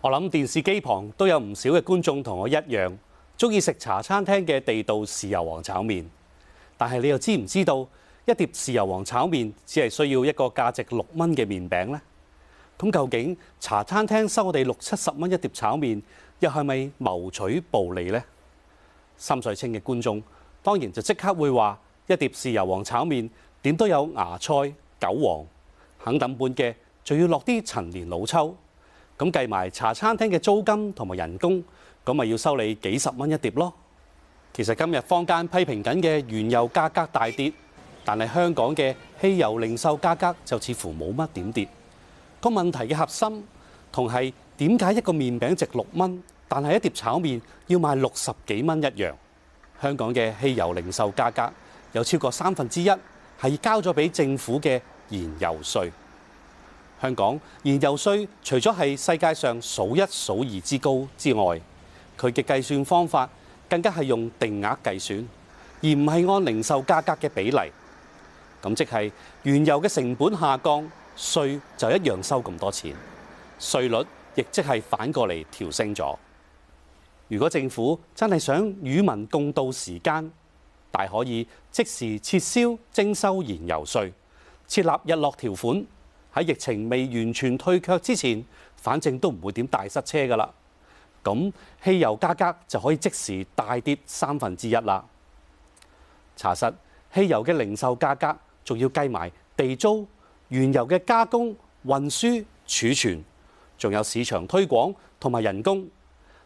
我諗電視機旁都有唔少嘅觀眾同我一樣，中意食茶餐廳嘅地道豉油皇炒麵。但係你又知唔知道一碟豉油皇炒麵只係需要一個價值六蚊嘅麵餅呢？咁、嗯、究竟茶餐廳收我哋六七十蚊一碟炒麵，又係咪牟取暴利呢？心水清嘅觀眾當然就即刻會話：一碟豉油皇炒麵點都有芽菜、韭黃、肯等半嘅，仲要落啲陳年老抽。咁計埋茶餐廳嘅租金同埋人工，咁咪要收你幾十蚊一碟咯。其實今日坊間批評緊嘅原油價格大跌，但係香港嘅汽油零售價格就似乎冇乜點跌。個問題嘅核心同係點解一個麵餅值六蚊，但係一碟炒麵要賣六十幾蚊一樣。香港嘅汽油零售價格有超過三分之一係交咗俾政府嘅燃油稅。香港燃油稅除咗係世界上數一數二之高之外，佢嘅計算方法更加係用定額計算，而唔係按零售價格嘅比例。咁即係原油嘅成本下降，稅就一樣收咁多錢，稅率亦即係反過嚟調升咗。如果政府真係想與民共渡時間，大可以即時撤銷徵收燃油稅，設立日落條款。喺疫情未完全退卻之前，反正都唔會點大塞車㗎喇。咁汽油價格就可以即時大跌三分之一啦。查實汽油嘅零售價格仲要計埋地租、原油嘅加工、運輸、儲存，仲有市場推廣同埋人工。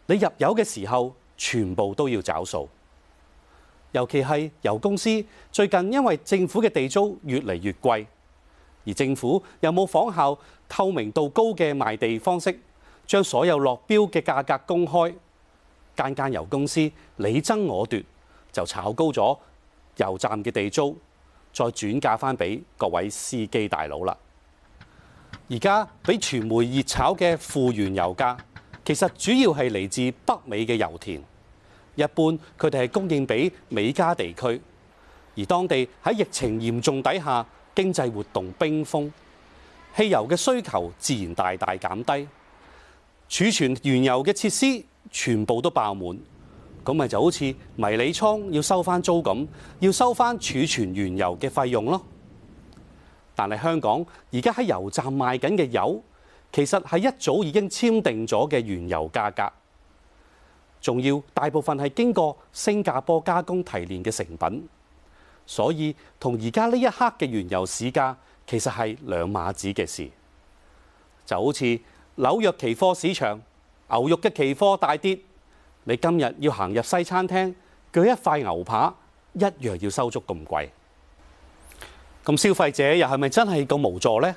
你入油嘅時候，全部都要找數。尤其係油公司，最近因為政府嘅地租越嚟越貴。而政府又冇仿效透明度高嘅賣地方式，將所有落標嘅價格公開，間間油公司你爭我奪就炒高咗油站嘅地租，再轉嫁翻俾各位司機大佬啦。而家俾傳媒熱炒嘅富源油價，其實主要係嚟自北美嘅油田，一般佢哋係供應俾美加地區，而當地喺疫情嚴重底下，經濟活動冰封，汽油嘅需求自然大大減低，儲存原油嘅設施全部都爆滿，咁咪就好似迷你倉要收翻租咁，要收翻儲存原油嘅費用咯。但係香港而家喺油站賣緊嘅油，其實係一早已經簽訂咗嘅原油價格，仲要大部分係經過新加坡加工提煉嘅成品。所以同而家呢一刻嘅原油市價其實係兩碼子嘅事，就好似紐約期貨市場牛肉嘅期貨大跌，你今日要行入西餐廳鋸一塊牛扒一樣要收足咁貴。咁消費者又係咪真係咁無助呢？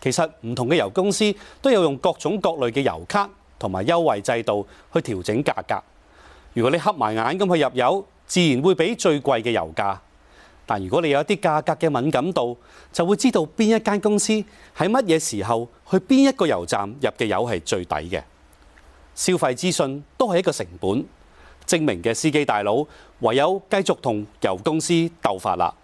其實唔同嘅油公司都有用各種各類嘅油卡同埋優惠制度去調整價格。如果你黑埋眼咁去入油，自然會俾最貴嘅油價。但如果你有一啲價格嘅敏感度，就會知道邊一間公司喺乜嘢時候去邊一個油站入嘅油係最抵嘅。消費資訊都係一個成本，精明嘅司機大佬唯有繼續同油公司鬥法啦。